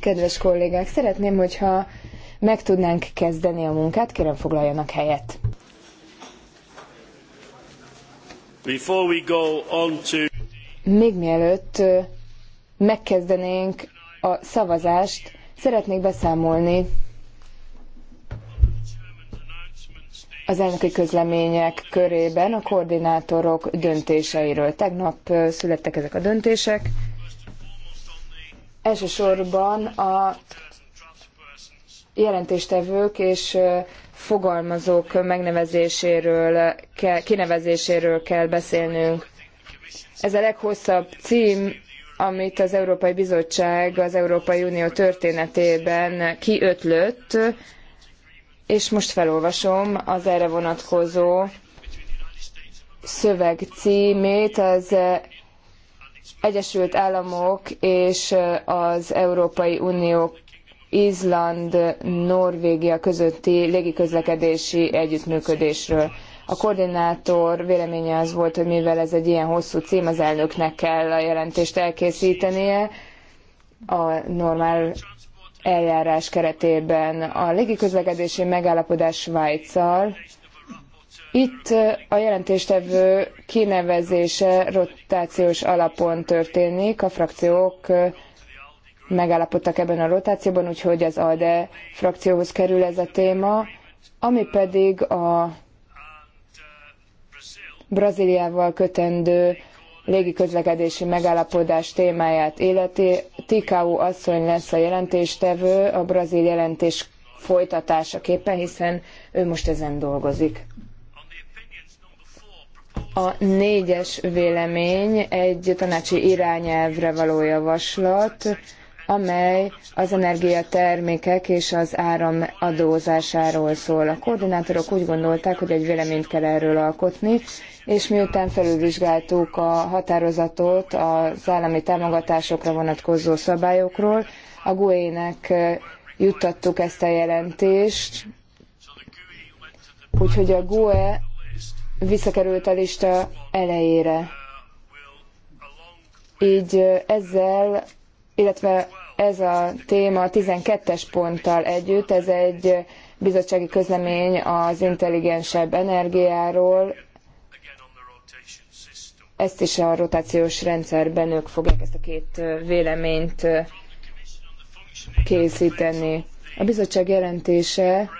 Kedves kollégák, szeretném, hogyha meg tudnánk kezdeni a munkát, kérem foglaljanak helyet. Még mielőtt megkezdenénk a szavazást, szeretnék beszámolni az elnöki közlemények körében a koordinátorok döntéseiről. Tegnap születtek ezek a döntések. Elsősorban a jelentéstevők és fogalmazók megnevezéséről, kinevezéséről kell beszélnünk. Ez a leghosszabb cím, amit az Európai Bizottság az Európai Unió történetében kiötlött, és most felolvasom az erre vonatkozó szöveg címét, az Egyesült Államok és az Európai Unió Izland, Norvégia közötti légiközlekedési együttműködésről. A koordinátor véleménye az volt, hogy mivel ez egy ilyen hosszú cím, az elnöknek kell a jelentést elkészítenie a normál eljárás keretében. A légiközlekedési megállapodás Svájccal itt a jelentéstevő kinevezése rotációs alapon történik, a frakciók megállapodtak ebben a rotációban, úgyhogy az ALDE frakcióhoz kerül ez a téma, ami pedig a Brazíliával kötendő légiközlekedési megállapodás témáját életi. Tikau asszony lesz a jelentéstevő a brazil jelentés folytatásaképpen, hiszen ő most ezen dolgozik. A négyes vélemény egy tanácsi irányelvre való javaslat, amely az energiatermékek és az áram adózásáról szól. A koordinátorok úgy gondolták, hogy egy véleményt kell erről alkotni, és miután felülvizsgáltuk a határozatot az állami támogatásokra vonatkozó szabályokról, a GUE-nek juttattuk ezt a jelentést, úgyhogy a GUE visszakerült a lista elejére. Így ezzel, illetve ez a téma 12-es ponttal együtt, ez egy bizottsági közlemény az intelligensebb energiáról. Ezt is a rotációs rendszerben ők fogják ezt a két véleményt készíteni. A bizottság jelentése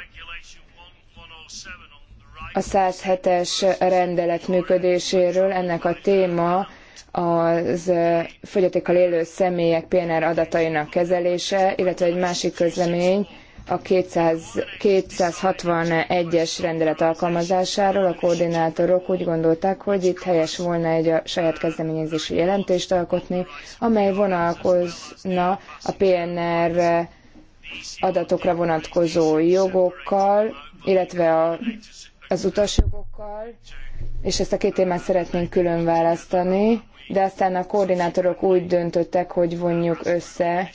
a 107-es rendelet működéséről. Ennek a téma az fogyatékkal élő személyek PNR adatainak kezelése, illetve egy másik közlemény a 200, 261-es rendelet alkalmazásáról. A koordinátorok úgy gondolták, hogy itt helyes volna egy a saját kezdeményezésű jelentést alkotni, amely vonalkozna a PNR adatokra vonatkozó jogokkal, illetve a az utasjogokkal, és ezt a két témát szeretnénk külön választani, de aztán a koordinátorok úgy döntöttek, hogy vonjuk össze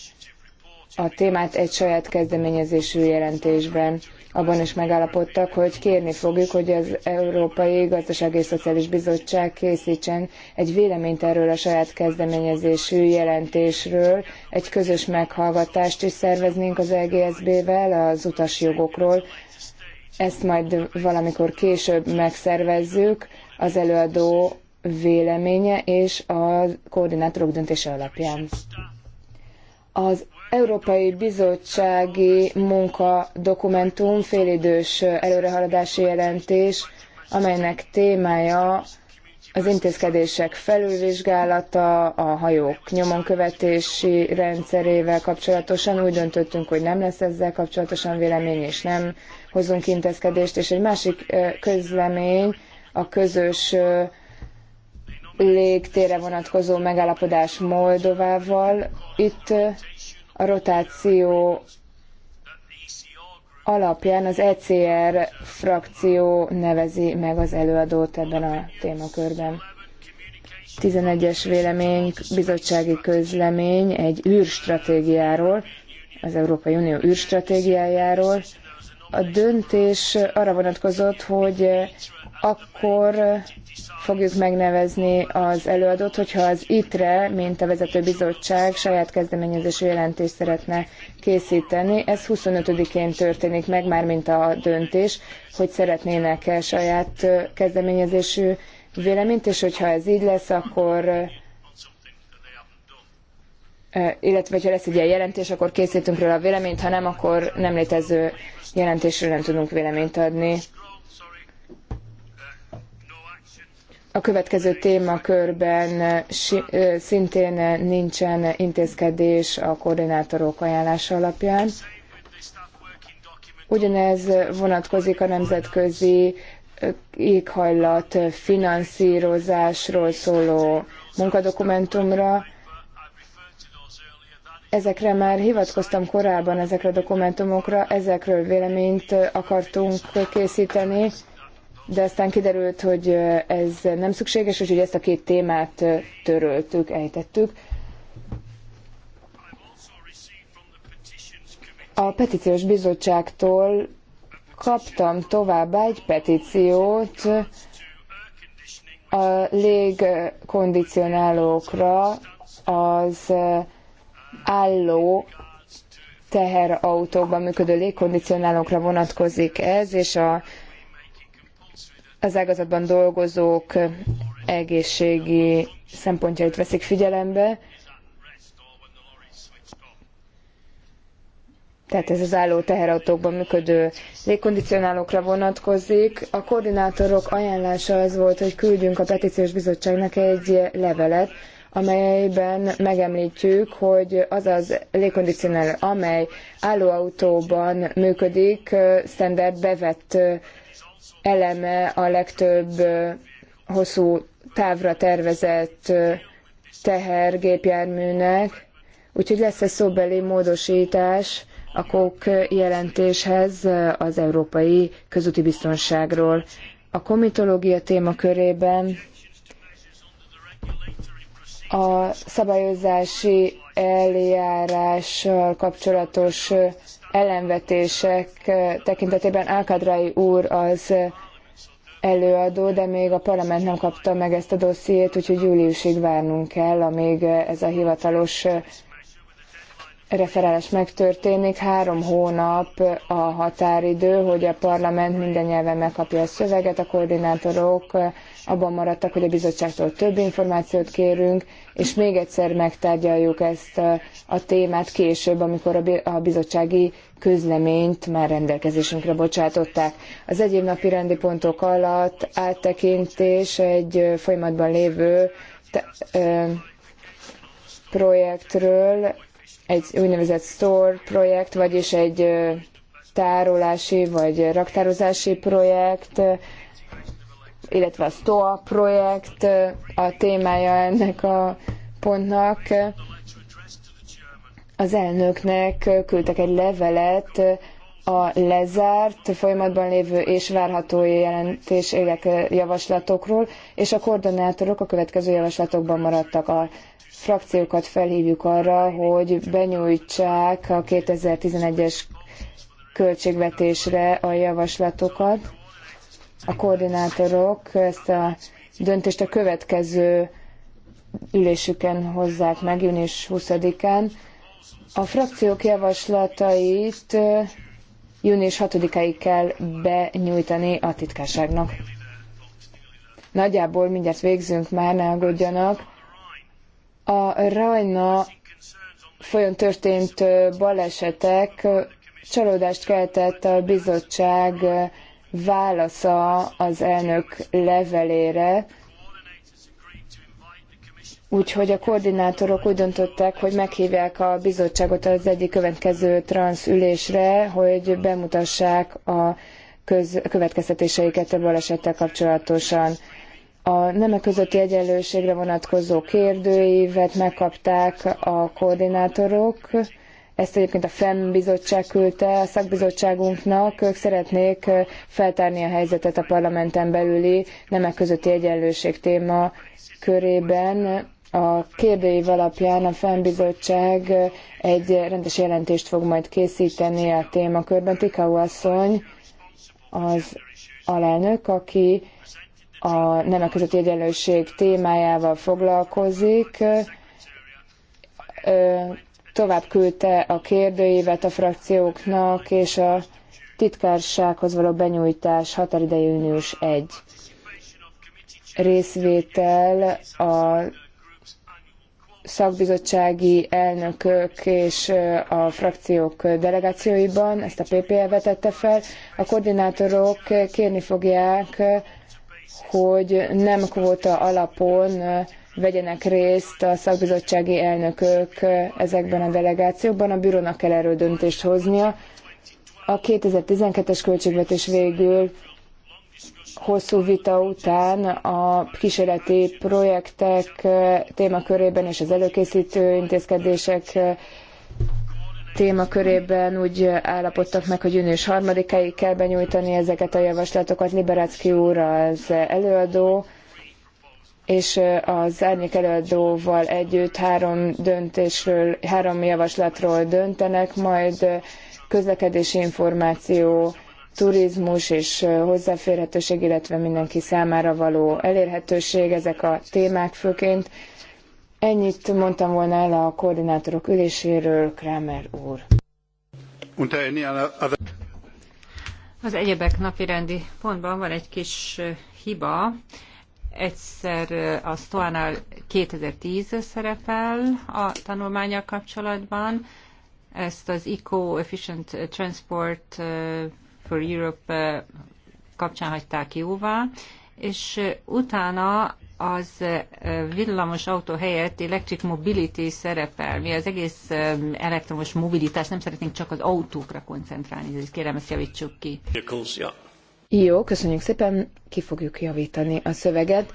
a témát egy saját kezdeményezésű jelentésben. Abban is megállapodtak, hogy kérni fogjuk, hogy az Európai Gazdasági és Szociális Bizottság készítsen egy véleményt erről a saját kezdeményezésű jelentésről, egy közös meghallgatást is szerveznénk az EGSB-vel az utasjogokról, ezt majd valamikor később megszervezzük az előadó véleménye és a koordinátorok döntése alapján. Az Európai Bizottsági Munka Dokumentum félidős előrehaladási jelentés, amelynek témája az intézkedések felülvizsgálata, a hajók nyomon követési rendszerével kapcsolatosan. Úgy döntöttünk, hogy nem lesz ezzel kapcsolatosan vélemény, és nem hozzunk intézkedést, és egy másik közlemény a közös légtére vonatkozó megállapodás Moldovával. Itt a rotáció alapján az ECR frakció nevezi meg az előadót ebben a témakörben. 11-es vélemény, bizottsági közlemény egy űrstratégiáról, az Európai Unió űrstratégiájáról a döntés arra vonatkozott, hogy akkor fogjuk megnevezni az előadót, hogyha az ITRE, mint a vezető bizottság saját kezdeményezésű jelentést szeretne készíteni. Ez 25-én történik meg, már mint a döntés, hogy szeretnének-e saját kezdeményezésű véleményt, és hogyha ez így lesz, akkor illetve hogyha lesz egy ilyen jelentés, akkor készítünk róla a véleményt, ha nem, akkor nem létező jelentésről nem tudunk véleményt adni. A következő témakörben szintén nincsen intézkedés a koordinátorok ajánlása alapján. Ugyanez vonatkozik a nemzetközi éghajlat finanszírozásról szóló munkadokumentumra, Ezekre már hivatkoztam korábban, ezekre a dokumentumokra, ezekről véleményt akartunk készíteni, de aztán kiderült, hogy ez nem szükséges, úgyhogy ezt a két témát töröltük, ejtettük. A petíciós bizottságtól kaptam továbbá egy petíciót a légkondicionálókra az álló teherautókban működő légkondicionálókra vonatkozik ez, és a, az ágazatban dolgozók egészségi szempontjait veszik figyelembe. Tehát ez az álló teherautókban működő légkondicionálókra vonatkozik. A koordinátorok ajánlása az volt, hogy küldjünk a petíciós bizottságnak egy levelet, amelyben megemlítjük, hogy az az légkondicionáló, amely állóautóban működik, standard bevett eleme a legtöbb hosszú távra tervezett tehergépjárműnek, úgyhogy lesz egy szóbeli módosítás a KOK jelentéshez az európai közúti biztonságról. A komitológia témakörében a szabályozási eljárással kapcsolatos ellenvetések tekintetében Alkadrai úr az előadó, de még a parlament nem kapta meg ezt a dossziét, úgyhogy júliusig várnunk kell, amíg ez a hivatalos referálás megtörténik, három hónap a határidő, hogy a parlament minden nyelven megkapja a szöveget, a koordinátorok abban maradtak, hogy a bizottságtól több információt kérünk, és még egyszer megtárgyaljuk ezt a témát később, amikor a bizottsági közleményt már rendelkezésünkre bocsátották. Az egyéb napi rendi pontok alatt áttekintés egy folyamatban lévő projektről, egy úgynevezett store projekt, vagyis egy tárolási vagy raktározási projekt, illetve a STOA projekt a témája ennek a pontnak. Az elnöknek küldtek egy levelet a lezárt, folyamatban lévő és várható jelentés javaslatokról, és a koordinátorok a következő javaslatokban maradtak a frakciókat felhívjuk arra, hogy benyújtsák a 2011-es költségvetésre a javaslatokat. A koordinátorok ezt a döntést a következő ülésüken hozzák meg, június 20-án. A frakciók javaslatait június 6-áig kell benyújtani a titkárságnak. Nagyjából mindjárt végzünk már, ne aggódjanak. A Rajna folyón történt balesetek csalódást keltett a bizottság válasza az elnök levelére, Úgyhogy a koordinátorok úgy döntöttek, hogy meghívják a bizottságot az egyik következő transz ülésre, hogy bemutassák a köz- következtetéseiket a balesettel kapcsolatosan. A nemek közötti egyenlőségre vonatkozó kérdőívet megkapták a koordinátorok. Ezt egyébként a FEM bizottság küldte a szakbizottságunknak. Ők szeretnék feltárni a helyzetet a parlamenten belüli nemek közötti egyenlőség téma körében a kérdőív alapján a fennbizottság egy rendes jelentést fog majd készíteni a témakörben. Tikau asszony az alelnök, aki a nemek közötti egyenlőség témájával foglalkozik. Tovább küldte a kérdőívet a frakcióknak, és a titkársághoz való benyújtás határideje június 1. Részvétel a szakbizottsági elnökök és a frakciók delegációiban, ezt a PPE vetette fel, a koordinátorok kérni fogják, hogy nem kvóta alapon vegyenek részt a szakbizottsági elnökök ezekben a delegációkban, a bürónak kell erről döntést hoznia. A 2012-es költségvetés végül hosszú vita után a kísérleti projektek eh, témakörében és az előkészítő intézkedések eh, témakörében úgy állapodtak meg, hogy június 3-áig kell benyújtani ezeket a javaslatokat. Liberácki úr az előadó, és eh, az árnyék előadóval együtt három döntésről, három javaslatról döntenek, majd közlekedési információ turizmus és hozzáférhetőség, illetve mindenki számára való elérhetőség, ezek a témák főként. Ennyit mondtam volna el a koordinátorok üléséről, Kramer úr. Az egyebek napirendi pontban van egy kis hiba. Egyszer a Stoánál 2010 szerepel a tanulmányal kapcsolatban, ezt az Eco Efficient Transport for Europe eh, kapcsán hagyták jóvá, és eh, utána az eh, villamos autó helyett electric mobility szerepel. Mi az egész elektromos mobilitás, nem szeretnénk csak az autókra koncentrálni, ezért kérem, ezt javítsuk ki. Jó, köszönjük szépen, ki fogjuk javítani a szöveget.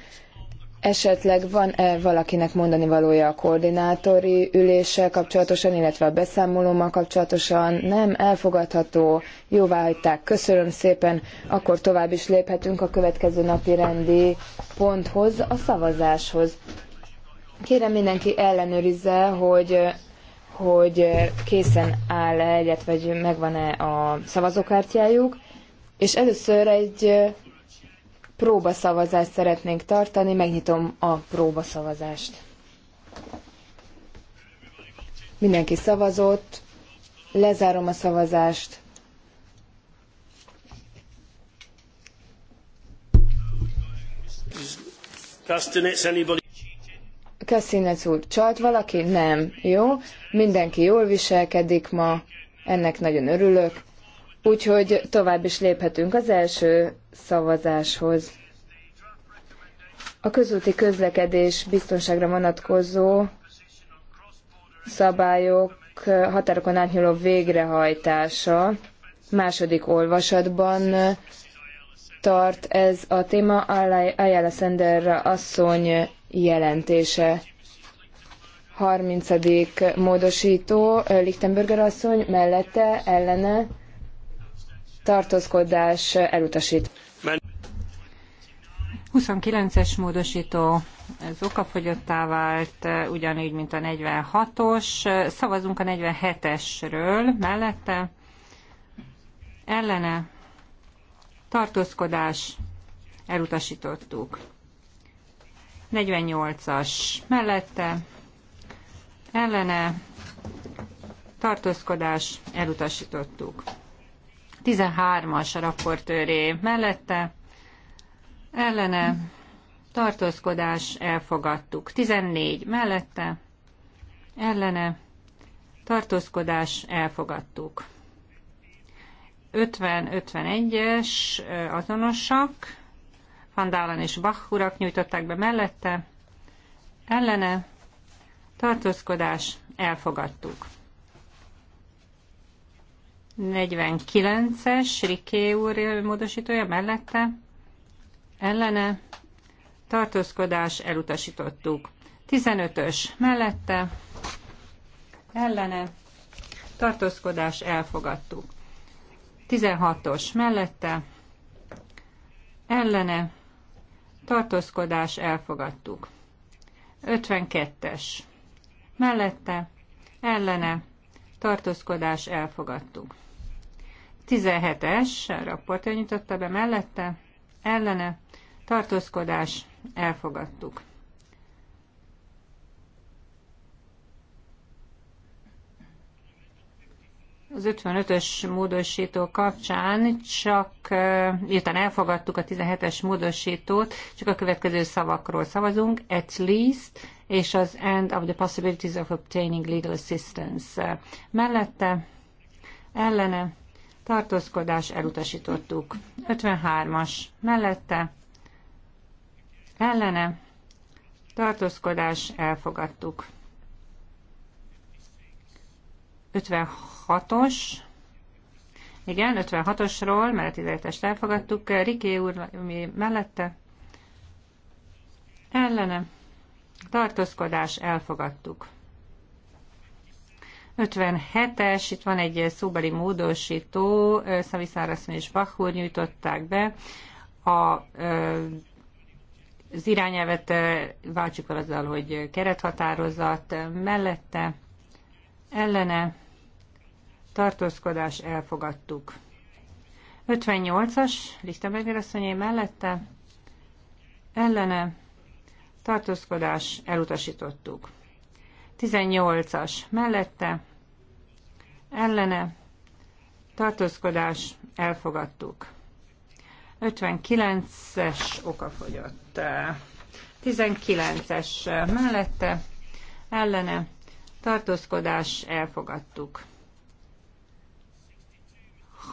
Esetleg van-e valakinek mondani valója a koordinátori üléssel kapcsolatosan, illetve a beszámolómmal kapcsolatosan? Nem elfogadható, jóváhagyták, köszönöm szépen, akkor tovább is léphetünk a következő napi rendi ponthoz, a szavazáshoz. Kérem mindenki ellenőrizze, hogy hogy készen áll-e, illetve megvan-e a szavazókártyájuk, és először egy próbaszavazást szeretnénk tartani, megnyitom a próbaszavazást. Mindenki szavazott, lezárom a szavazást. Kasszinec úr, csalt valaki? Nem. Jó. Mindenki jól viselkedik ma. Ennek nagyon örülök. Úgyhogy tovább is léphetünk az első szavazáshoz. A közúti közlekedés biztonságra vonatkozó szabályok határokon átnyúló végrehajtása második olvasatban tart ez a téma Ayala Sender asszony jelentése. 30. módosító Lichtenberger asszony mellette ellene tartózkodás elutasít. 29-es módosító ez okafogyottá vált, ugyanígy, mint a 46-os. Szavazunk a 47-esről mellette. Ellene tartózkodás elutasítottuk. 48-as mellette ellene tartózkodás elutasítottuk. 13-as a raportőré mellette, ellene, tartózkodás, elfogadtuk. 14 mellette, ellene, tartózkodás, elfogadtuk. 50-51-es azonosak, Fandálan és Bach urak nyújtották be mellette, ellene, tartózkodás, elfogadtuk. 49-es, Riké úr módosítója mellette, ellene, tartózkodás, elutasítottuk. 15-ös mellette, ellene, tartózkodás, elfogadtuk. 16-os mellette, ellene, tartózkodás, elfogadtuk. 52-es mellette, ellene, tartózkodás, elfogadtuk. 17-es, a raportőr nyitotta be mellette, ellene, tartózkodás, elfogadtuk. Az 55-ös módosító kapcsán csak, miután elfogadtuk a 17-es módosítót, csak a következő szavakról szavazunk, at least, és az end of the possibilities of obtaining legal assistance. Mellette, ellene, tartózkodás elutasítottuk. 53-as mellette, ellene, tartózkodás elfogadtuk. 56-os, igen, 56-osról, mert idejétest elfogadtuk, Riké úr mi mellette, ellene, tartózkodás elfogadtuk. 57-es, itt van egy szóbeli módosító, Szaviszárasszony és Bachur nyújtották be. A, az irányelvet váltsuk el azzal, hogy kerethatározat mellette, ellene, tartózkodás elfogadtuk. 58-as, Lichtenberger asszonyé mellette, ellene, tartózkodás elutasítottuk. 18-as mellette, ellene tartózkodás elfogadtuk. 59-es fogyott. 19-es mellette ellene tartózkodás elfogadtuk.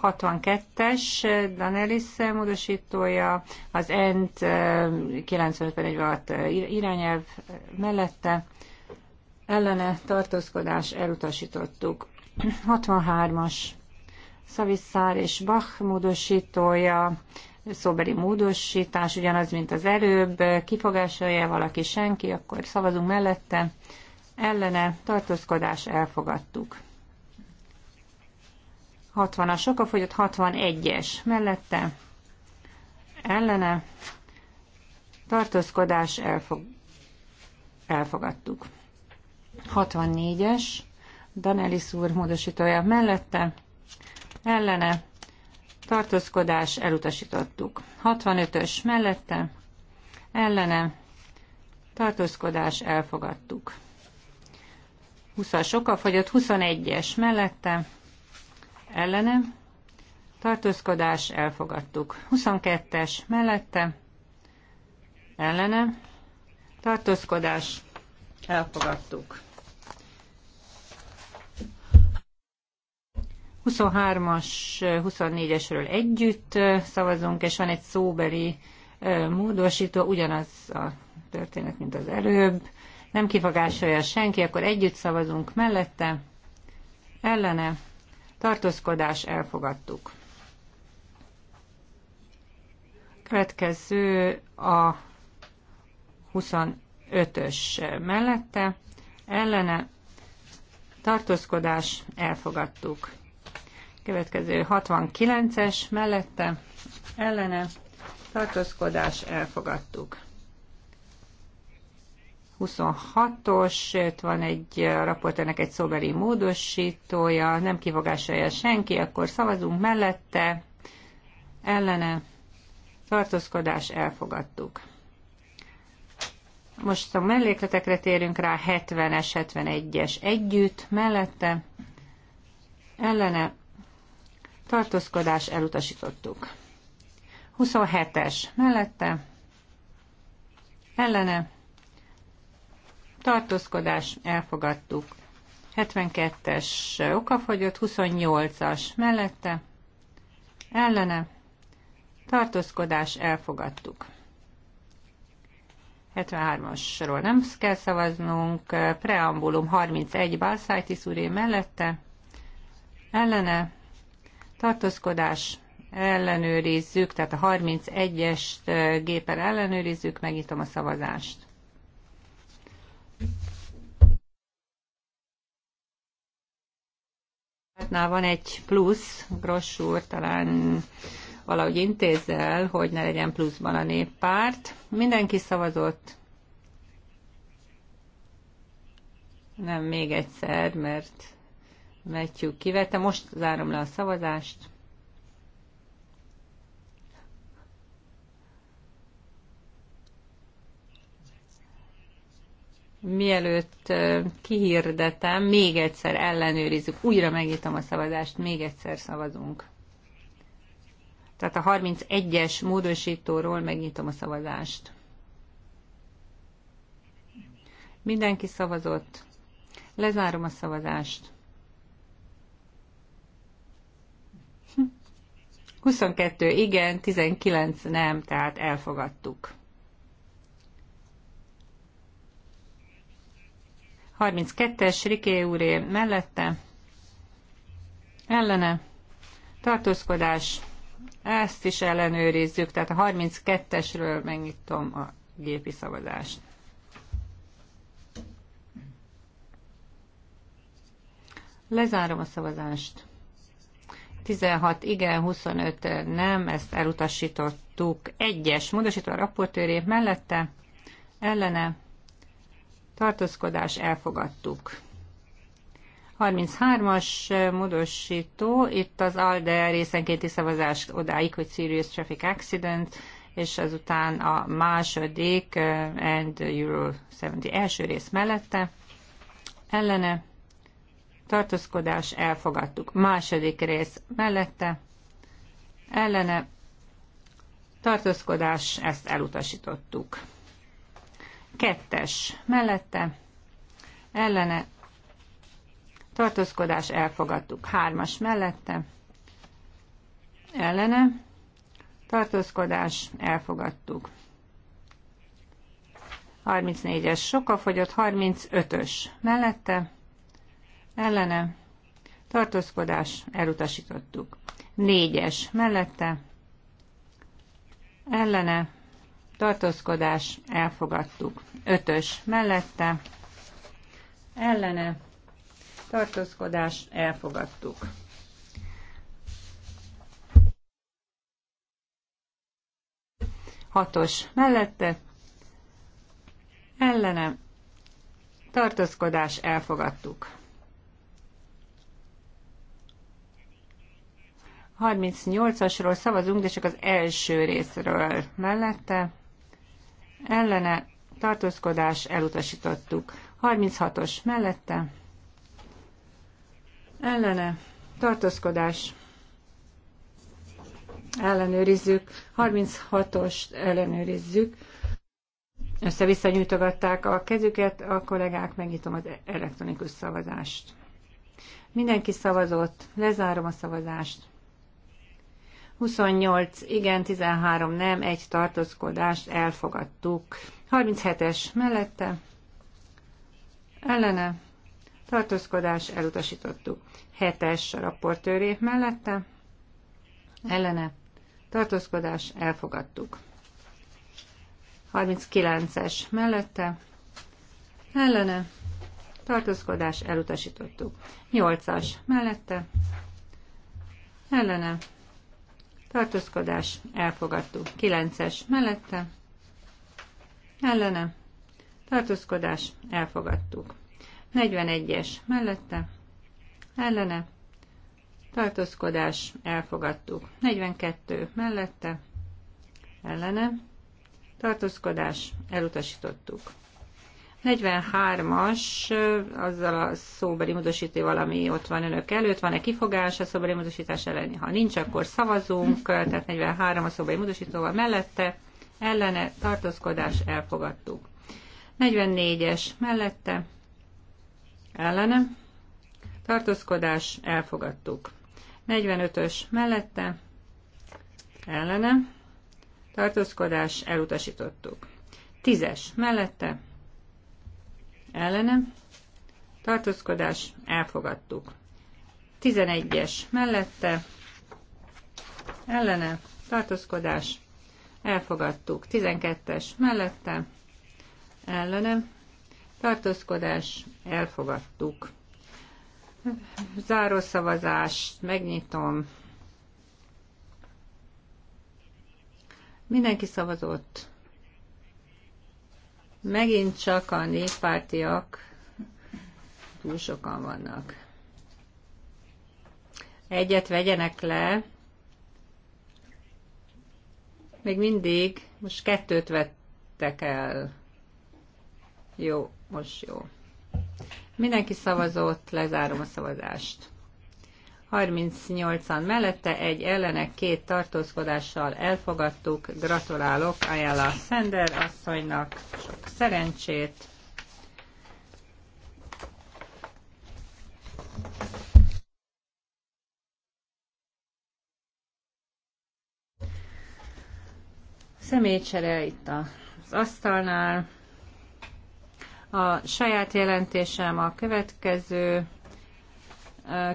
62-es Danelis módosítója, az ENT 9546 irányelv mellette ellene tartózkodás elutasítottuk. 63-as Szaviszár és Bach módosítója, szóbeli módosítás, ugyanaz, mint az előbb, kifogásolja valaki senki, akkor szavazunk mellette, ellene, tartózkodás, elfogadtuk. 60-as, fogyott 61-es, mellette, ellene, tartózkodás, elfog, elfogadtuk. 64-es, Danelis úr módosítója mellette, ellene, tartózkodás elutasítottuk. 65-ös mellette, ellene, tartózkodás elfogadtuk. 20-as okafogyott, 21-es mellette, ellene, tartózkodás elfogadtuk. 22-es mellette, ellene, tartózkodás elfogadtuk. 23-as, 24-esről együtt szavazunk, és van egy szóbeli módosító, ugyanaz a történet, mint az előbb. Nem kifogásolja senki, akkor együtt szavazunk mellette, ellene, tartózkodás, elfogadtuk. Következő a 25-ös mellette, ellene, tartózkodás, elfogadtuk. Következő 69-es mellette ellene tartózkodás elfogadtuk. 26-os, itt van egy a egy szóbeli módosítója, nem kivogásolja senki, akkor szavazunk mellette, ellene, tartózkodás, elfogadtuk. Most a mellékletekre térünk rá, 70-es, 71-es együtt, mellette, ellene, tartózkodás elutasítottuk. 27-es mellette, ellene, tartózkodás elfogadtuk. 72-es okafogyott, 28-as mellette, ellene, tartózkodás elfogadtuk. 73-asról nem kell szavaznunk, preambulum 31 Balszájtis úré mellette, ellene, tartózkodás ellenőrizzük, tehát a 31-es gépen ellenőrizzük, megnyitom a szavazást. Na van egy plusz, Gross úr talán valahogy intézel, hogy ne legyen pluszban a néppárt. Mindenki szavazott. Nem még egyszer, mert Matthew kivette. Most zárom le a szavazást. Mielőtt kihirdetem, még egyszer ellenőrizzük, újra megnyitom a szavazást, még egyszer szavazunk. Tehát a 31-es módosítóról megnyitom a szavazást. Mindenki szavazott. Lezárom a szavazást. 22 igen, 19 nem, tehát elfogadtuk. 32-es Riké úré mellette, ellene, tartózkodás, ezt is ellenőrizzük, tehát a 32-esről megnyitom a gépi szavazást. Lezárom a szavazást. 16 igen, 25 nem, ezt elutasítottuk. Egyes módosító a raportőré mellette, ellene, tartózkodás elfogadtuk. 33-as módosító, itt az ALDE részenkénti szavazás odáig, hogy Serious Traffic Accident, és azután a második uh, and Euro 70 első rész mellette, ellene, tartózkodás, elfogadtuk. Második rész mellette, ellene, tartózkodás, ezt elutasítottuk. Kettes mellette, ellene, tartózkodás, elfogadtuk. Hármas mellette, ellene, tartózkodás, elfogadtuk. 34-es sokafogyott, 35-ös mellette, ellene, tartózkodás, elutasítottuk. Négyes, mellette, ellene, tartózkodás, elfogadtuk. Ötös, mellette, ellene, tartózkodás, elfogadtuk. Hatos, mellette, ellene, tartózkodás, elfogadtuk. 38-asról szavazunk, de csak az első részről mellette. Ellene tartózkodás elutasítottuk. 36-os mellette. Ellene tartózkodás ellenőrizzük. 36 os ellenőrizzük. Össze-vissza nyújtogatták a kezüket, a kollégák, megnyitom az elektronikus szavazást. Mindenki szavazott, lezárom a szavazást. 28 igen, 13 nem, egy tartózkodást elfogadtuk. 37-es mellette ellene tartózkodás elutasítottuk. 7-es a raportőré mellette ellene tartózkodás elfogadtuk. 39-es mellette ellene tartózkodás elutasítottuk. 8-as mellette ellene tartózkodás, elfogadtuk. 9-es mellette, ellene, tartózkodás, elfogadtuk. 41-es mellette, ellene, tartózkodás, elfogadtuk. 42 mellette, ellene, tartózkodás, elutasítottuk. 43-as, azzal a szóbeli módosítóval, ami ott van önök előtt, van-e kifogás a szóbeli módosítás elleni? Ha nincs, akkor szavazunk, tehát 43 a szóbeli módosítóval mellette, ellene, tartózkodás, elfogadtuk. 44-es mellette, ellene, tartózkodás, elfogadtuk. 45-ös mellette, ellene, tartózkodás, elutasítottuk. 10-es mellette, ellene, tartózkodás, elfogadtuk. 11-es mellette, ellene, tartózkodás, elfogadtuk. 12-es mellette, ellene, tartózkodás, elfogadtuk. Záró szavazás, megnyitom. Mindenki szavazott. Megint csak a néppártiak túl sokan vannak. Egyet vegyenek le. Még mindig, most kettőt vettek el. Jó, most jó. Mindenki szavazott, lezárom a szavazást. 38-an mellette, egy ellenek két tartózkodással elfogadtuk. Gratulálok Ayala Sender asszonynak, sok szerencsét! Személycsere itt az asztalnál. A saját jelentésem a következő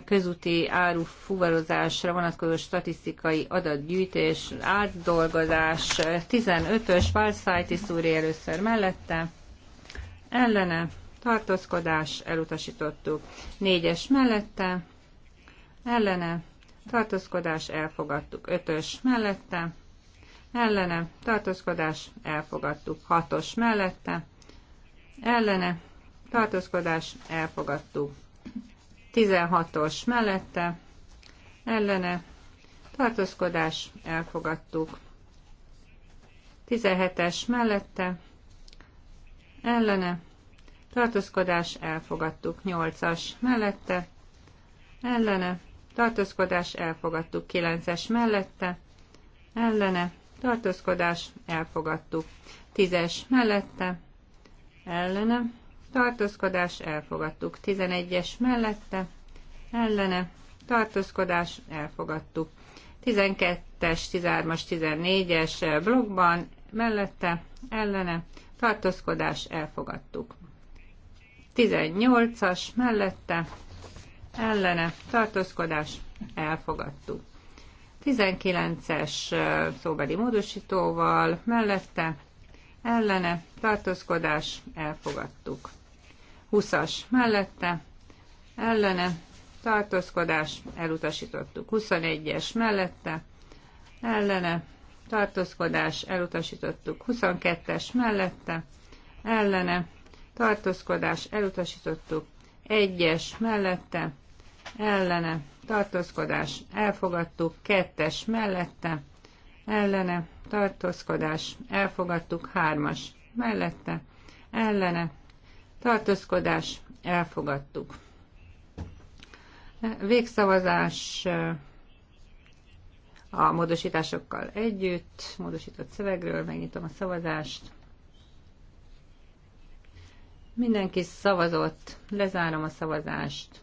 közúti áru fuvarozásra vonatkozó statisztikai adatgyűjtés, átdolgozás, 15-ös Valszájti Szúri először mellette, ellene, tartózkodás, elutasítottuk, 4-es mellette, ellene, tartózkodás, elfogadtuk, 5-ös mellette, ellene, tartózkodás, elfogadtuk, 6-os mellette, ellene, tartózkodás, elfogadtuk, 16-os mellette, ellene, tartózkodás, elfogadtuk. 17-es mellette, ellene, tartózkodás, elfogadtuk. 8-as mellette, ellene, tartózkodás, elfogadtuk. 9-es mellette, ellene, tartózkodás, elfogadtuk. 10-es mellette, ellene, tartózkodás elfogadtuk. 11-es mellette, ellene, tartózkodás elfogadtuk. 12-es, 13-as, 14-es blokkban, mellette, ellene, tartózkodás elfogadtuk. 18-as mellette, ellene, tartózkodás elfogadtuk. 19-es szóbeli módosítóval mellette, ellene, tartózkodás elfogadtuk. 20-as mellette, ellene, tartózkodás, elutasítottuk. 21-es mellette, ellene, tartózkodás, elutasítottuk. 22-es mellette, ellene, tartózkodás, elutasítottuk. 1-es mellette, ellene, tartózkodás, elfogadtuk. 2-es mellette, ellene, tartózkodás, elfogadtuk. 3-as mellette, ellene, tartózkodás, elfogadtuk. Végszavazás eh, a módosításokkal együtt, módosított szövegről, megnyitom a szavazást. Mindenki szavazott, lezárom a szavazást.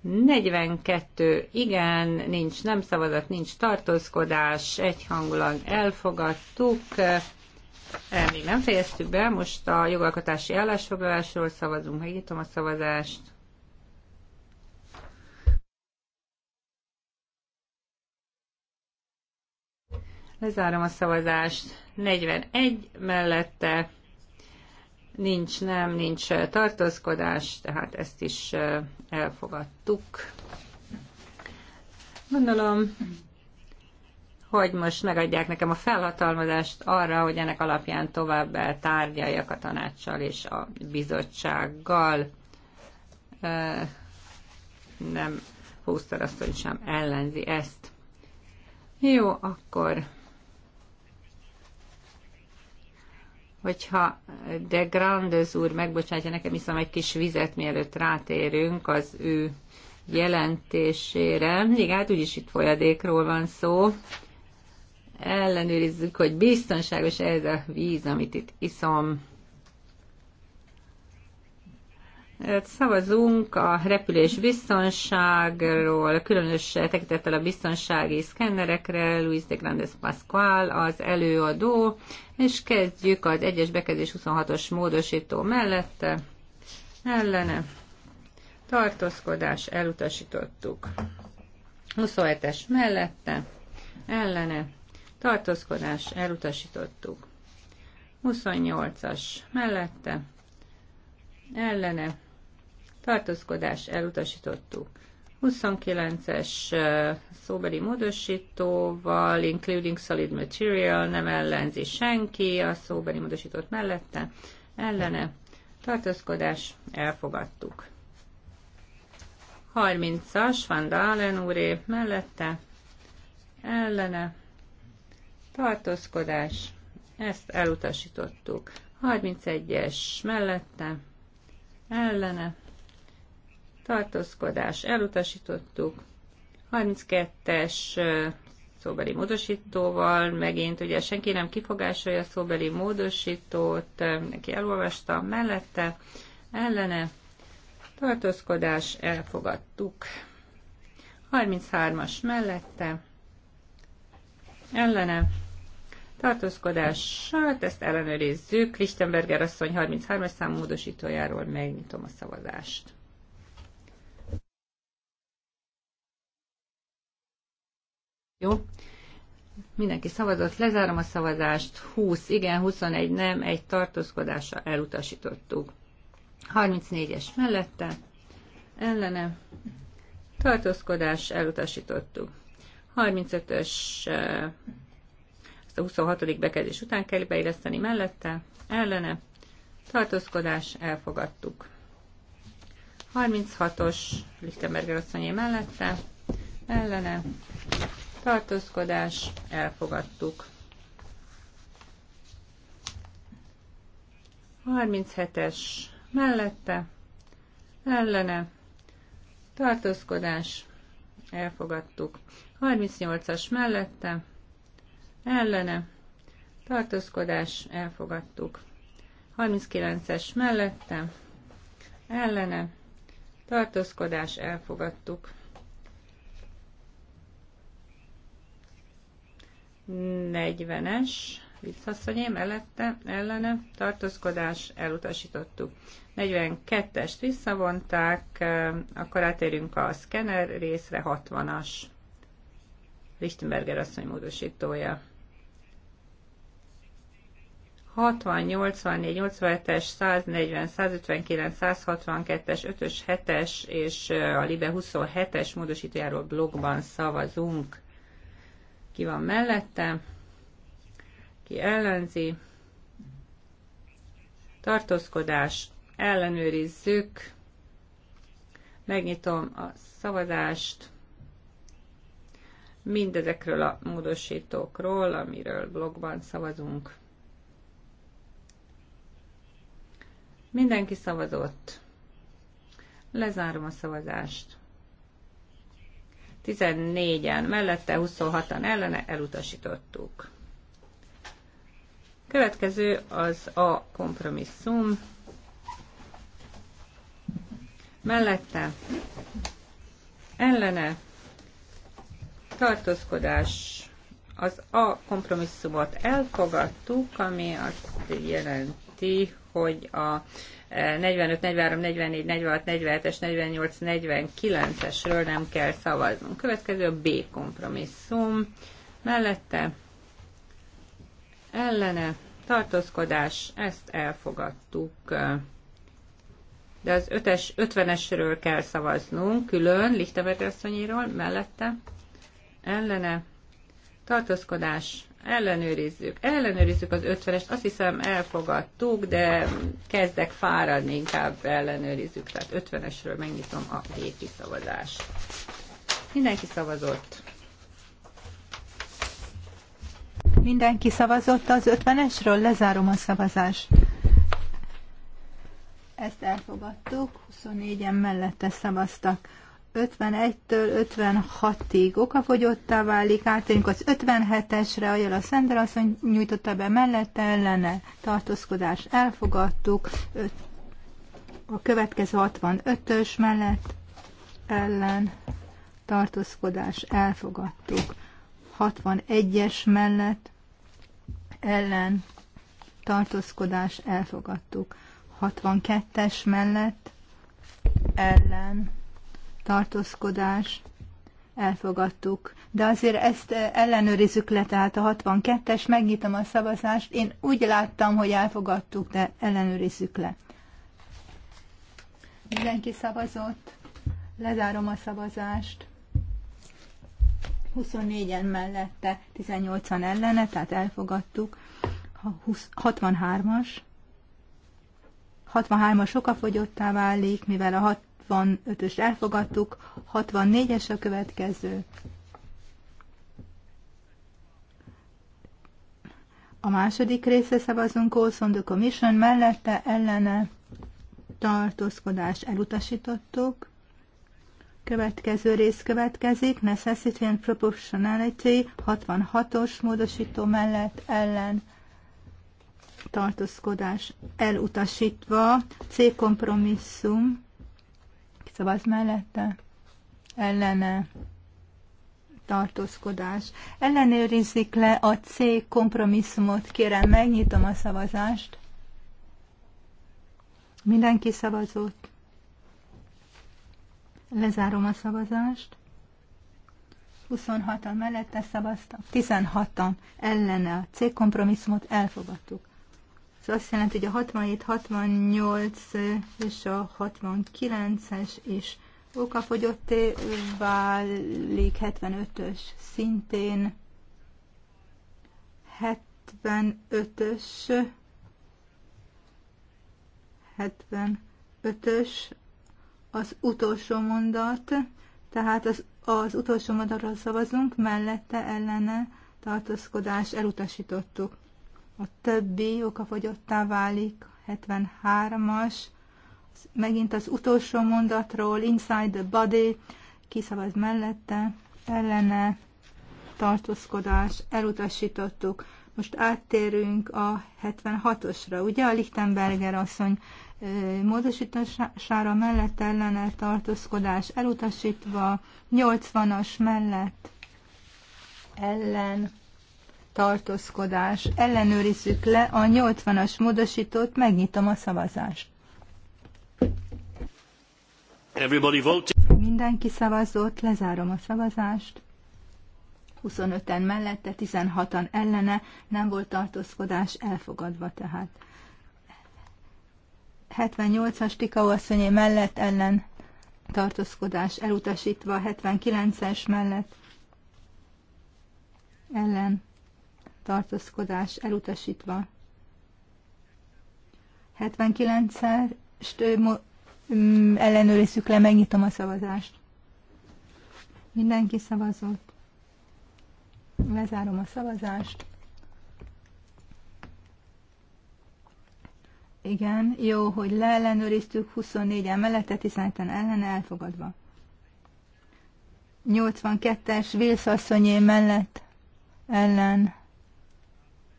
42 igen, nincs nem szavazat, nincs tartózkodás, egyhangulag elfogadtuk. E, még nem fejeztük be, most a jogalkotási állásfoglalásról szavazunk, megnyitom a szavazást. Lezárom a szavazást. 41 mellette nincs nem, nincs tartózkodás, tehát ezt is e, elfogadtuk. Gondolom, hogy most megadják nekem a felhatalmazást arra, hogy ennek alapján tovább tárgyaljak a tanácssal és a bizottsággal. Nem azt, hogy sem ellenzi ezt. Jó, akkor hogyha de Grandes úr megbocsátja nekem, iszom egy kis vizet, mielőtt rátérünk az ő jelentésére. Igen, hát úgyis itt folyadékról van szó ellenőrizzük, hogy biztonságos ez a víz, amit itt iszom. Szavazunk a repülés biztonságról, különös tekintettel a biztonsági szkennerekre, Luis de Grandes Pascual az előadó, és kezdjük az egyes bekezdés 26-os módosító mellette. Ellene tartózkodás elutasítottuk. 27-es mellette, ellene tartózkodás elutasítottuk. 28-as mellette, ellene, tartózkodás elutasítottuk. 29-es szóbeli módosítóval, including solid material, nem ellenzi senki a szóbeli módosítót mellette, ellene, tartózkodás elfogadtuk. 30-as Van Dalen úré mellette, ellene, tartózkodás, ezt elutasítottuk. 31-es mellette, ellene, tartózkodás, elutasítottuk. 32-es szóbeli módosítóval, megint ugye senki nem kifogásolja a szóbeli módosítót, neki elolvasta mellette, ellene, tartózkodás, elfogadtuk. 33-as mellette, ellene, tartózkodással, hát ezt ellenőrizzük. Lichtenberger asszony 33-as számú módosítójáról megnyitom a szavazást. Jó. Mindenki szavazott, lezárom a szavazást. 20 igen, 21 nem, egy tartózkodással elutasítottuk. 34-es mellette, ellene, tartózkodás elutasítottuk. 35-ös 26. bekezdés után kell beilleszteni mellette, ellene, tartózkodás, elfogadtuk. 36-os Lichtenberger asszonyé mellette, ellene, tartózkodás, elfogadtuk. 37-es mellette, ellene, tartózkodás, elfogadtuk. 38-as mellette, ellene, tartózkodás, elfogadtuk. 39-es mellette, ellene, tartózkodás, elfogadtuk. es viccasszonyé mellette, ellene, tartózkodás, elutasítottuk. 42-est visszavonták, eh, akkor átérünk a szkener részre, 60-as. Lichtenberger asszony módosítója. 60, 84, 87-es, 140, 159, 162-es, 5-ös, 7-es és a Libe 27-es módosítójáról blogban szavazunk. Ki van mellette? Ki ellenzi? Tartózkodás. Ellenőrizzük. Megnyitom a szavazást mindezekről a módosítókról, amiről blogban szavazunk. Mindenki szavazott. Lezárom a szavazást. 14-en mellette, 26-an ellene elutasítottuk. Következő az a kompromisszum. Mellette ellene tartózkodás az a kompromisszumot elfogadtuk, ami azt jelenti, hogy a 45, 43, 44, 46, 47-es, 48, 49-esről nem kell szavaznunk. Következő a B kompromisszum. Mellette ellene tartózkodás, ezt elfogadtuk. De az 5-es, 50-esről kell szavaznunk, külön, Lichtenberg asszonyéról, mellette, ellene, tartózkodás, ellenőrizzük. Ellenőrizzük az ötvenest. azt hiszem elfogadtuk, de kezdek fáradni, inkább ellenőrizzük. Tehát ötvenesről megnyitom a gépi szavazást. Mindenki szavazott. Mindenki szavazott az ötvenesről Lezárom a szavazást. Ezt elfogadtuk, 24-en mellette szavaztak. 51-től 56-ig okafogyottá válik, átérünk az 57-esre, a Jela Szender asszony nyújtotta be mellette, ellene tartózkodás elfogadtuk, a következő 65-ös mellett ellen tartózkodás elfogadtuk, 61-es mellett ellen tartózkodás elfogadtuk, 62-es mellett ellen tartózkodás, elfogadtuk. De azért ezt eh, ellenőrizzük le, tehát a 62-es, megnyitom a szavazást. Én úgy láttam, hogy elfogadtuk, de ellenőrizzük le. Mindenki szavazott. Lezárom a szavazást. 24-en mellette, 18-an ellene, tehát elfogadtuk. 63-as. 63-as okafogyottá válik, mivel a 65 ös elfogadtuk, 64-es a következő. A második része szavazunk Calls the Commission mellette ellene tartózkodás elutasítottuk. Következő rész következik, Necessity and Proportionality 66-os módosító mellett ellen tartózkodás elutasítva, C kompromisszum szavaz mellette, ellene tartózkodás. Ellenőrizzük le a C kompromisszumot, kérem, megnyitom a szavazást. Mindenki szavazott. Lezárom a szavazást. 26-an mellette szavaztak, 16-an ellene a C kompromisszumot elfogadtuk. Ez azt jelenti, hogy a 67, 68 és a 69-es is okafogyotté válik, 75-ös szintén, 75-ös, 75-ös az utolsó mondat, tehát az, az utolsó mondatról szavazunk, mellette ellene tartózkodás elutasítottuk a többi okafogyottá válik, 73-as, megint az utolsó mondatról, inside the body, kiszavaz mellette, ellene, tartózkodás, elutasítottuk. Most áttérünk a 76-osra, ugye a Lichtenberger asszony módosítására mellett ellene tartózkodás elutasítva, 80-as mellett ellen tartózkodás. Ellenőrizzük le a 80-as módosítót, megnyitom a szavazást. Everybody voting. Mindenki szavazott, lezárom a szavazást. 25-en mellette, 16-an ellene, nem volt tartózkodás elfogadva tehát. 78-as Tikau asszonyé mellett ellen tartózkodás elutasítva, 79-es mellett ellen tartózkodás elutasítva. 79-est mm, ellenőrizzük le, megnyitom a szavazást. Mindenki szavazott. Lezárom a szavazást. Igen, jó, hogy leellenőriztük 24 emellette, 17 ellen elfogadva. 82-es Vilszasszonyé mellett ellen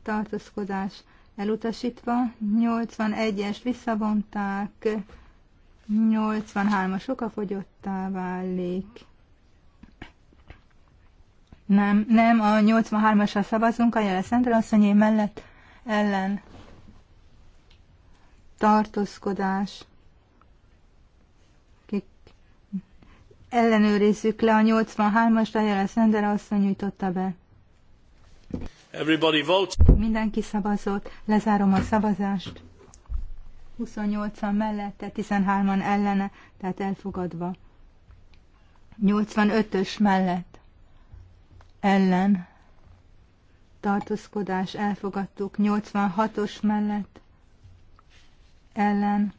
tartózkodás elutasítva, 81-est visszavonták, 83-as okafogyottá válik. Nem, nem, a 83-asra szavazunk, a jele Szentelasszonyé mellett ellen tartózkodás. Kik ellenőrizzük le a 83-asra, a jele Szentelasszony nyújtotta be. Mindenki szavazott, lezárom a szavazást. 28-an mellette, 13-an ellene, tehát elfogadva. 85-ös mellett ellen tartózkodás elfogadtuk, 86-os mellett ellen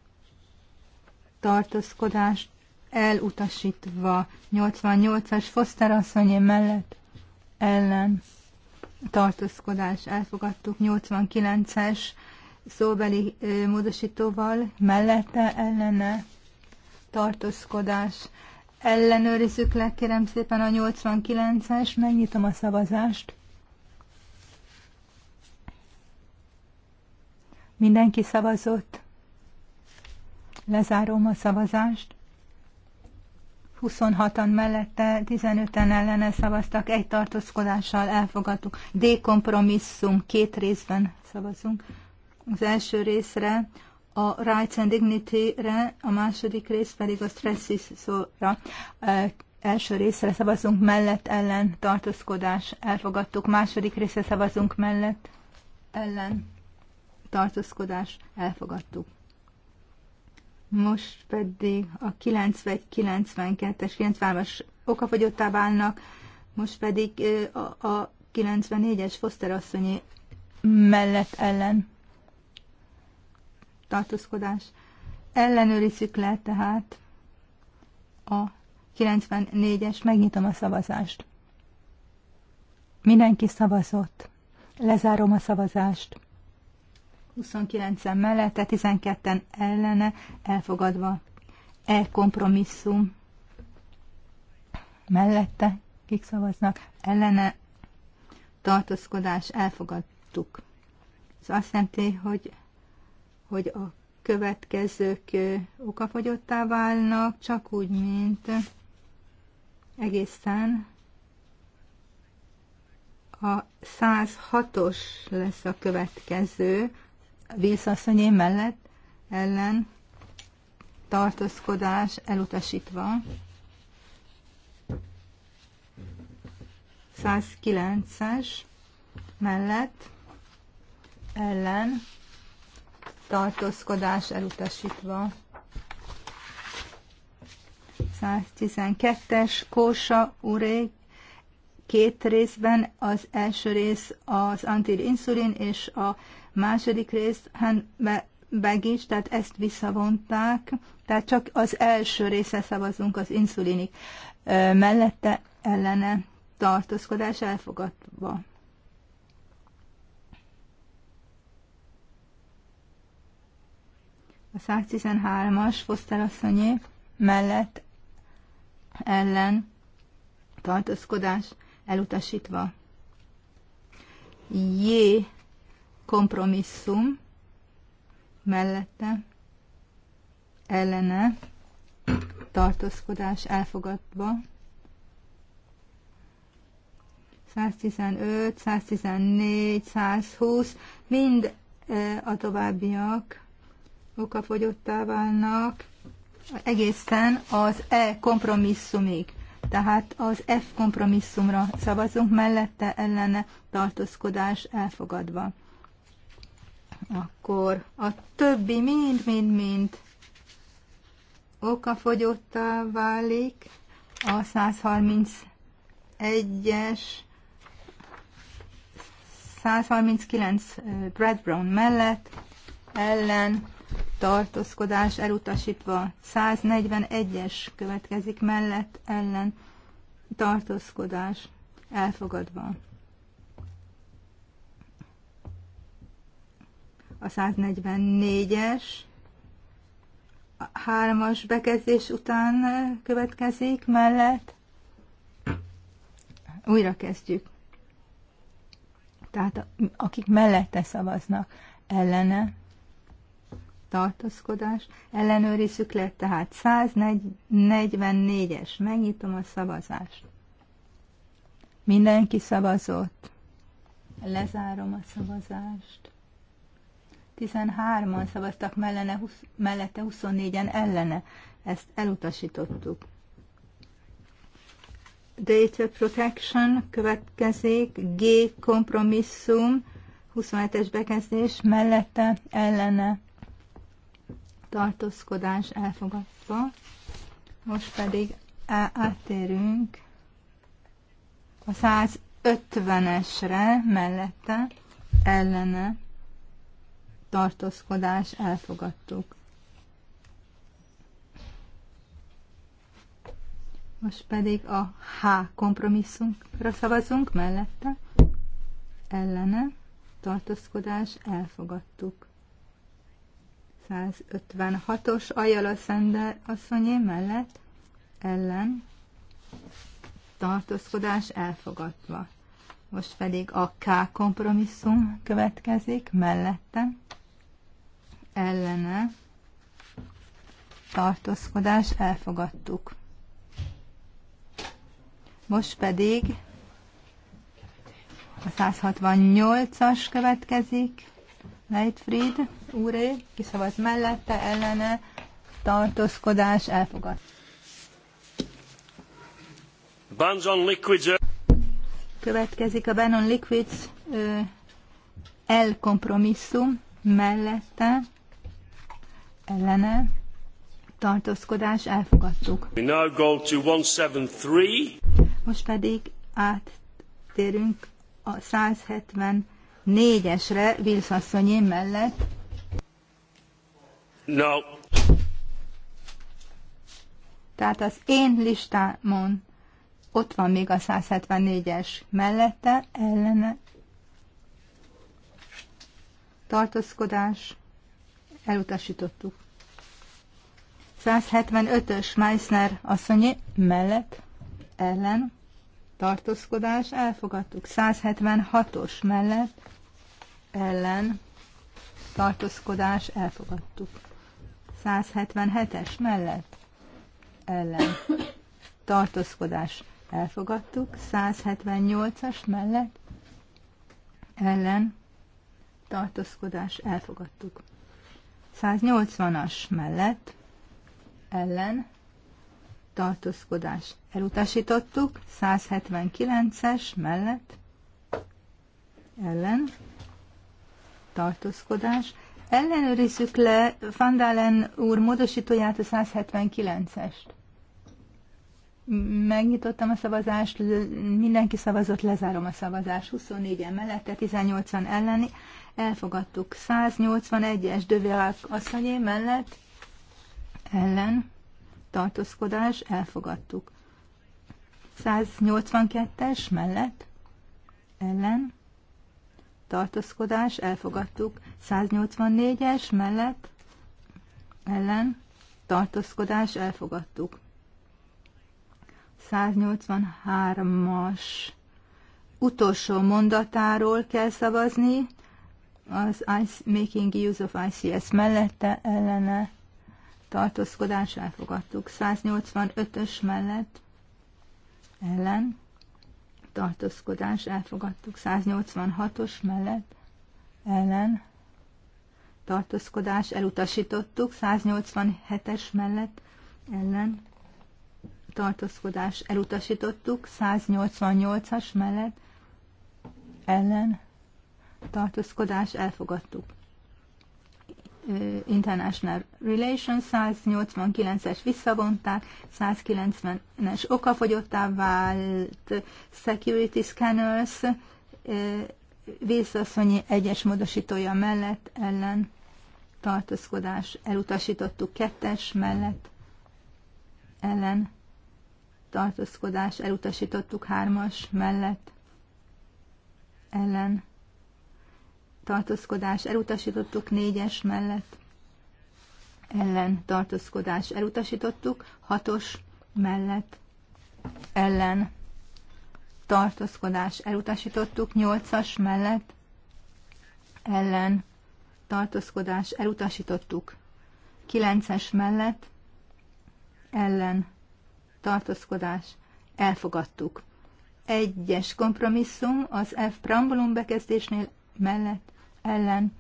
tartózkodás elutasítva, 88-as Foster asszonyé mellett ellen tartózkodás elfogadtuk 89-es szóbeli módosítóval, mellette ellene tartózkodás. Ellenőrizzük le, kérem szépen a 89-es, megnyitom a szavazást. Mindenki szavazott. Lezárom a szavazást. 26-an mellette, 15-en ellene szavaztak, egy tartózkodással elfogadtuk. D kompromisszum, két részben szavazunk. Az első részre a Rights and Dignity-re, a második rész pedig a Stressis szóra. első részre szavazunk mellett, ellen, tartózkodás, elfogadtuk. Második részre szavazunk mellett, ellen, tartózkodás, elfogadtuk. Most pedig a 91, 92-es, 93-as okafogyottá válnak, most pedig a, a 94-es Foster asszonyi mellett ellen tartózkodás. Ellenőrizzük le tehát a 94-es, megnyitom a szavazást. Mindenki szavazott. Lezárom a szavazást. 29-en mellette, 12-en ellene elfogadva. E kompromisszum mellette, kik szavaznak, ellene tartózkodás elfogadtuk. Ez azt jelenti, hogy, hogy a következők okafogyottá válnak, csak úgy, mint egészen a 106-os lesz a következő, vészasszonyé mellett ellen tartózkodás elutasítva. 109-es mellett ellen tartózkodás elutasítva. 112-es Kósa uré két részben, az első rész az antilinszulin és a Második részt be, is, tehát ezt visszavonták, tehát csak az első része szavazunk az inszulinik mellette ellene tartózkodás elfogadva. A 113-as fosztelasszonyé mellett ellen tartózkodás elutasítva. J kompromisszum mellette ellene tartózkodás elfogadva 115, 114, 120 mind a továbbiak okafogyottá válnak egészen az E kompromisszumig. Tehát az F kompromisszumra szavazunk, mellette ellene tartózkodás elfogadva. Akkor a többi mind-mind-mind okafogyottá válik a 131-es 139 Brad Brown mellett ellen tartózkodás elutasítva 141-es következik mellett ellen tartózkodás elfogadva a 144-es, a hármas bekezdés után következik mellett. Újra kezdjük. Tehát akik mellette szavaznak, ellene tartózkodás, ellenőrizzük le, tehát 144-es, megnyitom a szavazást. Mindenki szavazott. Lezárom a szavazást. 13-an szavaztak mellene, mellette, 24-en ellene. Ezt elutasítottuk. Data Protection következik, G kompromisszum, 27-es bekezdés, mellette, ellene, tartózkodás elfogadva. Most pedig áttérünk a 150-esre, mellette, ellene, tartózkodás elfogadtuk. Most pedig a H kompromisszunkra szavazunk mellette. Ellene tartózkodás elfogadtuk. 156-os Ajala Szender asszonyé mellett ellen tartózkodás elfogadva. Most pedig a K kompromisszum következik mellette ellene tartózkodás elfogadtuk. Most pedig a 168-as következik. Leitfried úré, kiszavaz mellette, ellene, tartózkodás, elfogad. Bans on liquids. Következik a Ban liquids elkompromisszum mellette, ellene tartózkodás elfogadtuk. We now go to 173. Most pedig áttérünk a 174-esre Vilszasszonyém mellett. No. Tehát az én listámon ott van még a 174-es mellette, ellene tartózkodás elutasítottuk. 175-ös Meissner asszonyi mellett ellen tartózkodás elfogadtuk. 176-os mellett ellen tartózkodás elfogadtuk. 177-es mellett ellen tartózkodás elfogadtuk. 178-as mellett ellen tartózkodás elfogadtuk. 180-as mellett ellen tartózkodás elutasítottuk, 179-es mellett ellen tartózkodás. Ellenőrizzük le Fandalen úr módosítóját, a 179-est. Megnyitottam a szavazást, mindenki szavazott, lezárom a szavazást. 24-en mellette, 18-an elleni, elfogadtuk. 181-es Dövélák asszonyé mellett ellen tartózkodás elfogadtuk. 182-es mellett ellen tartózkodás elfogadtuk. 184-es mellett ellen tartózkodás elfogadtuk. 183-as utolsó mondatáról kell szavazni, az Making Use of ICS mellette ellene tartózkodás elfogadtuk. 185-ös mellett ellen tartózkodás elfogadtuk. 186-os mellett ellen tartózkodás elutasítottuk. 187-es mellett ellen tartózkodás elutasítottuk. 188-as mellett ellen tartózkodás elfogadtuk. International Relations 189-es visszavonták, 190-es okafogyottá vált, Security Scanners vészasszonyi egyes módosítója mellett ellen tartózkodás elutasítottuk kettes mellett ellen tartózkodás elutasítottuk hármas mellett ellen tartózkodás elutasítottuk, négyes mellett ellen tartózkodás elutasítottuk, hatos mellett ellen tartózkodás elutasítottuk, nyolcas mellett ellen tartózkodás elutasítottuk, kilences mellett ellen tartózkodás elfogadtuk. Egyes kompromisszum az F preambulum bekezdésnél mellett ellen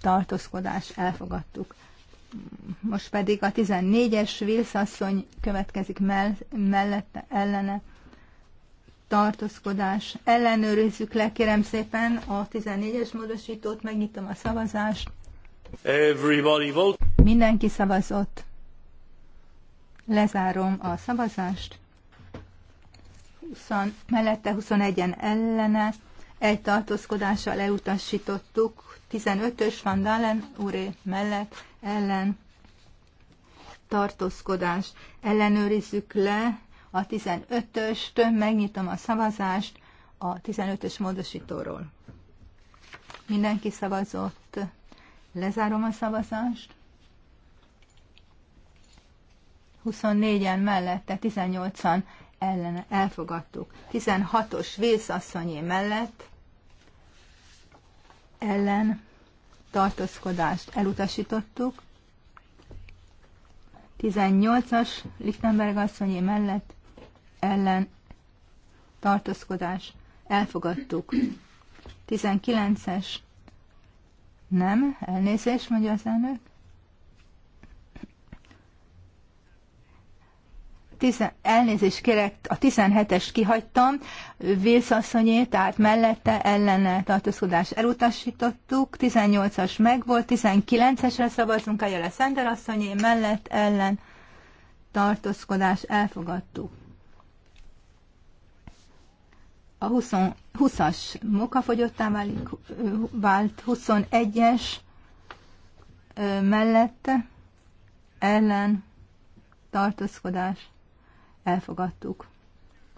tartózkodás elfogadtuk. Most pedig a 14-es Vilszasszony következik mell- mellette ellene tartózkodás. Ellenőrizzük le, kérem szépen, a 14-es módosítót, megnyitom a szavazást. Everybody vote. Mindenki szavazott. Lezárom a szavazást. 20, mellette 21-en ellene egy tartózkodással elutasítottuk, 15-ös Van Dalen úré mellett ellen tartózkodás. Ellenőrizzük le a 15-öst, megnyitom a szavazást a 15-ös módosítóról. Mindenki szavazott, lezárom a szavazást. 24-en mellette, 18-an ellene elfogadtuk. 16-os vészasszonyé mellett ellen tartózkodást elutasítottuk. 18-as Lichtenberg asszonyé mellett ellen tartózkodást elfogadtuk. 19-es nem, elnézés, mondja az elnök. tizen, elnézést kérek, a 17-est kihagytam, vészasszonyé, tehát mellette ellene tartózkodás elutasítottuk, 18-as meg volt. 19-esre szavazunk, a jele Szender asszonyé, mellett ellen tartózkodás elfogadtuk. A 20, 20-as mokafogyottá válik, vált, 21-es mellette ellen tartózkodás elfogadtuk.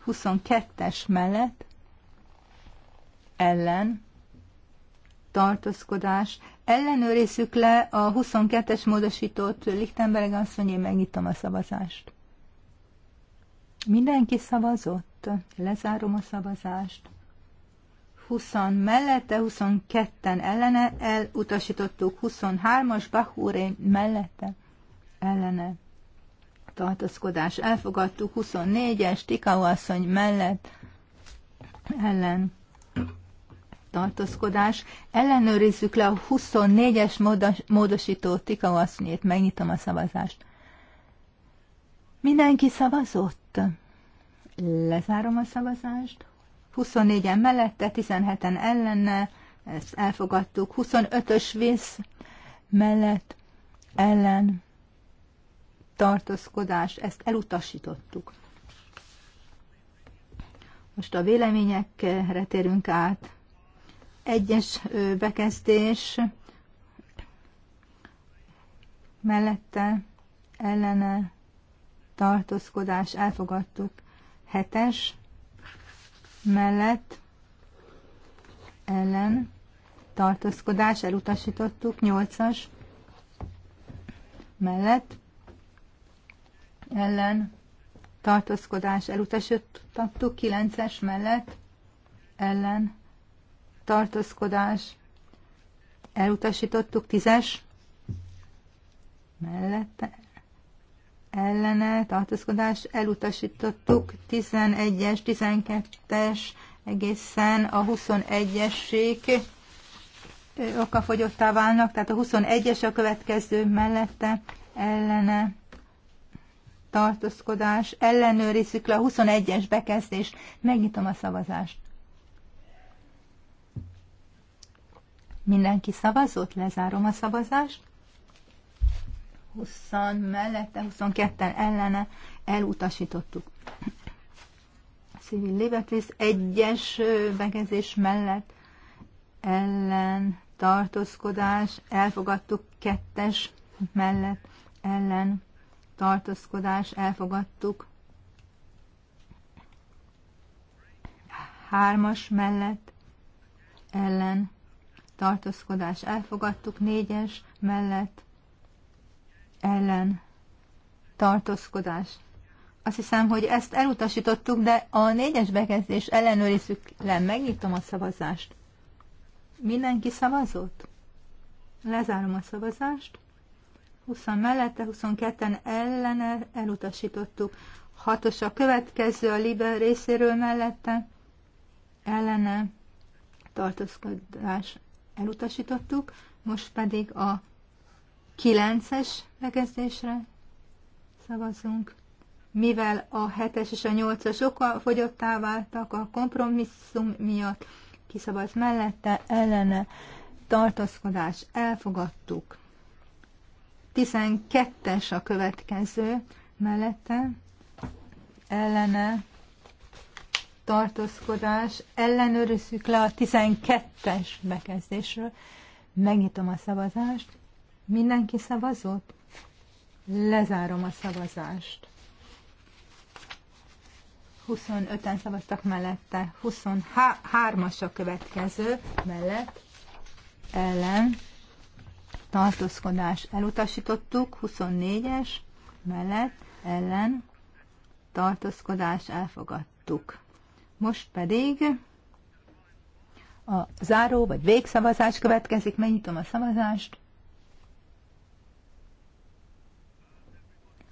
22-es mellett ellen tartózkodás. Ellenőrizzük le a 22-es módosított Lichtenberg asszony, én megnyitom a szavazást. Mindenki szavazott. Lezárom a szavazást. 20 mellette, 22-en ellene, elutasítottuk 23-as Bahúré mellette, ellene tartózkodás elfogadtuk, 24-es Tikau asszony mellett ellen tartózkodás. Ellenőrizzük le a 24-es módosító Tikau asszonyét, megnyitom a szavazást. Mindenki szavazott? Lezárom a szavazást. 24-en mellette, 17-en ellenne, ezt elfogadtuk. 25-ös visz mellett, ellen, tartózkodás, ezt elutasítottuk. Most a véleményekre térünk át. Egyes bekezdés mellette ellene tartózkodás elfogadtuk. Hetes mellett ellen tartózkodás elutasítottuk. Nyolcas mellett ellen tartózkodás elutasítottuk, 9-es mellett ellen tartózkodás elutasítottuk, 10-es mellett ellene tartózkodás elutasítottuk, 11-es, 12-es egészen a 21-esig okafogyottá válnak, tehát a 21-es a következő mellette ellene tartózkodás, ellenőrizzük le a 21-es bekezdést, megnyitom a szavazást. Mindenki szavazott, lezárom a szavazást. 20 mellette, 22-en ellene elutasítottuk. Civil Liberties egyes bekezdés mellett ellen tartózkodás, elfogadtuk kettes mellett ellen tartózkodás elfogadtuk. Hármas mellett ellen tartózkodás elfogadtuk. Négyes mellett ellen tartózkodás. Azt hiszem, hogy ezt elutasítottuk, de a négyes bekezdés ellenőrizzük le. Megnyitom a szavazást. Mindenki szavazott? Lezárom a szavazást. 20 mellette, 22-en ellene elutasítottuk. 6-os a következő a Libe részéről mellette, ellene tartózkodás elutasítottuk. Most pedig a 9-es bekezdésre szavazunk. Mivel a 7-es és a 8-as oka fogyottá váltak a kompromisszum miatt, kiszavaz mellette, ellene tartózkodás elfogadtuk. 12-es a következő mellette ellene tartózkodás. Ellenőrizzük le a 12-es bekezdésről. Megnyitom a szavazást. Mindenki szavazott? Lezárom a szavazást. 25-en szavaztak mellette, 23-as a következő mellett, ellen, tartózkodás elutasítottuk, 24-es mellett ellen tartózkodás elfogadtuk. Most pedig a záró vagy végszavazás következik, megnyitom a szavazást.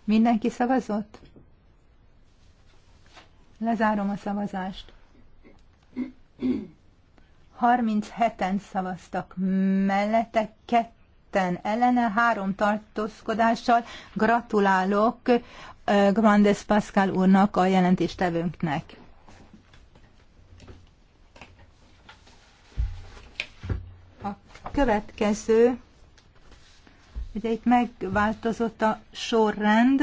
Mindenki szavazott? Lezárom a szavazást. 37-en szavaztak mellette, Isten ellene, három tartózkodással. Gratulálok Grandes Pascal úrnak, a jelentéstevőnknek. A következő, ugye itt megváltozott a sorrend,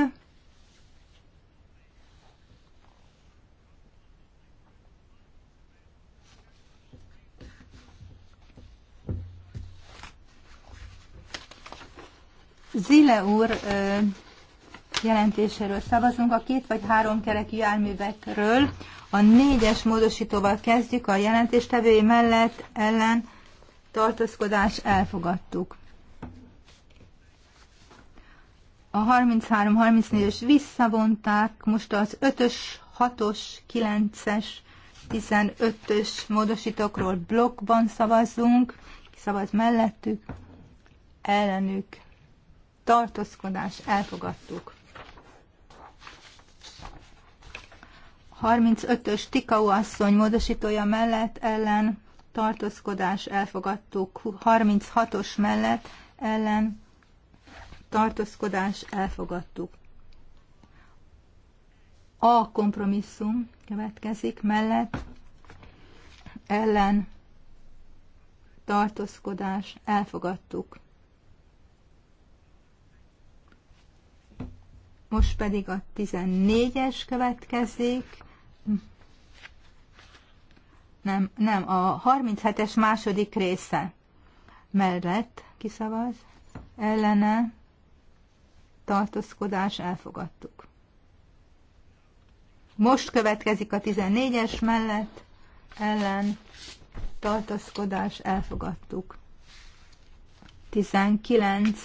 Zile úr ö, jelentéséről szavazunk, a két vagy három kerekű járművekről. A négyes módosítóval kezdjük, a jelentéstevői mellett ellen tartózkodás elfogadtuk. A 33-34-es visszavonták, most az 5-ös, 6-os, 9-es, 15-ös módosítókról blokkban szavazzunk, ki szavaz mellettük, ellenük tartózkodás elfogadtuk. 35-ös Tikau asszony módosítója mellett ellen tartózkodás elfogadtuk, 36-os mellett ellen tartózkodás elfogadtuk. A kompromisszum következik mellett ellen tartózkodás elfogadtuk. Most pedig a 14-es következik. Nem, nem, a 37-es második része mellett kiszavaz, ellene tartózkodás elfogadtuk. Most következik a 14-es mellett, ellen tartózkodás elfogadtuk. 19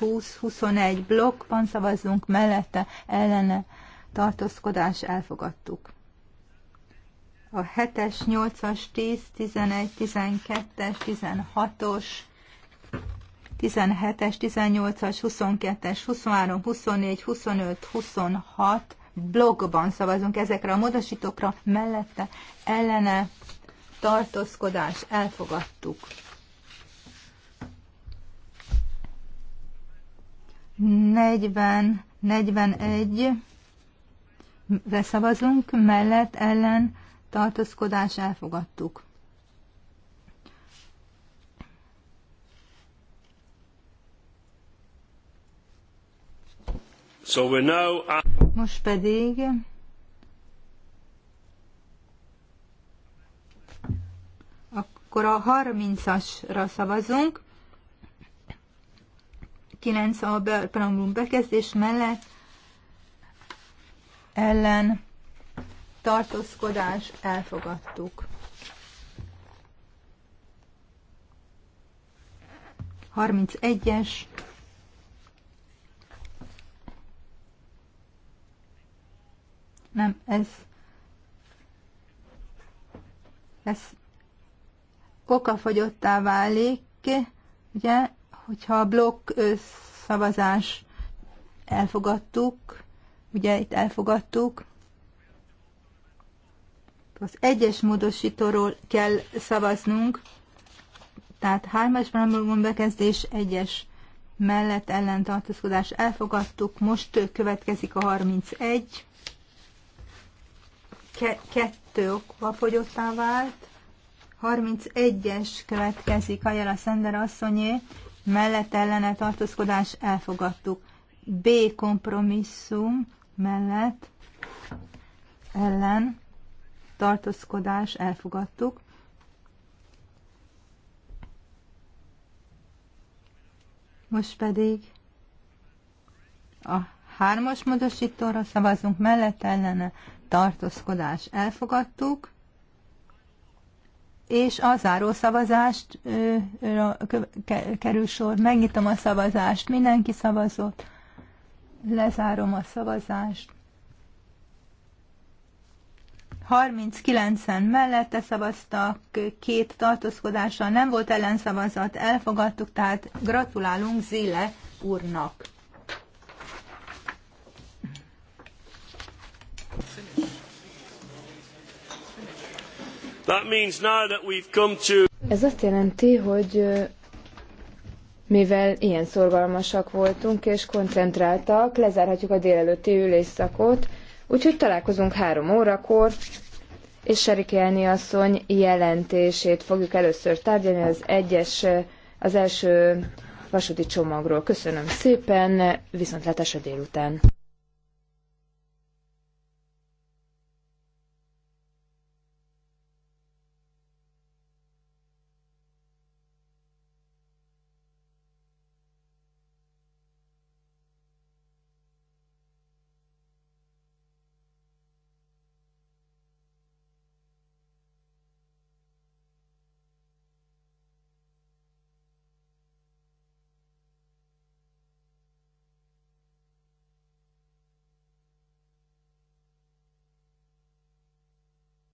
20-21 blokkban szavazzunk mellette, ellene tartózkodás elfogadtuk. A 7-es, 8-as, 10, 11, 12-es, 16-os, 17-es, 18-as, 22-es, 23, 24, 25, 26 blogban szavazunk ezekre a módosítókra, mellette ellene tartózkodás elfogadtuk. 40, 41 veszavazunk mellett ellen tartózkodás elfogadtuk. So we now... Most pedig akkor a 30-asra szavazunk, 9 a preambulum bekezdés mellett ellen tartózkodás elfogadtuk. 31-es nem, ez ez okafogyottá válik, ugye hogyha a blokk szavazás elfogadtuk, ugye itt elfogadtuk, az egyes módosítóról kell szavaznunk, tehát hármas preambulum bekezdés, egyes mellett ellentartózkodás elfogadtuk, most következik a 31, Ke- kettő okva fogyottá vált, 31-es következik a Jela Szender asszonyé mellett ellene tartózkodás elfogadtuk. B kompromisszum mellett ellen tartózkodás elfogadtuk. Most pedig a hármas módosítóra szavazunk mellett ellene tartózkodás elfogadtuk és a zárószavazást kerül sor. Megnyitom a szavazást, mindenki szavazott, lezárom a szavazást. 39-en mellette szavaztak, két tartózkodással nem volt ellenszavazat, elfogadtuk, tehát gratulálunk Zile úrnak. Ez azt jelenti, hogy mivel ilyen szorgalmasak voltunk és koncentráltak, lezárhatjuk a délelőtti ülésszakot, úgyhogy találkozunk három órakor, és Serikelni asszony jelentését fogjuk először tárgyalni az egyes, az első vasúti csomagról. Köszönöm szépen, a délután!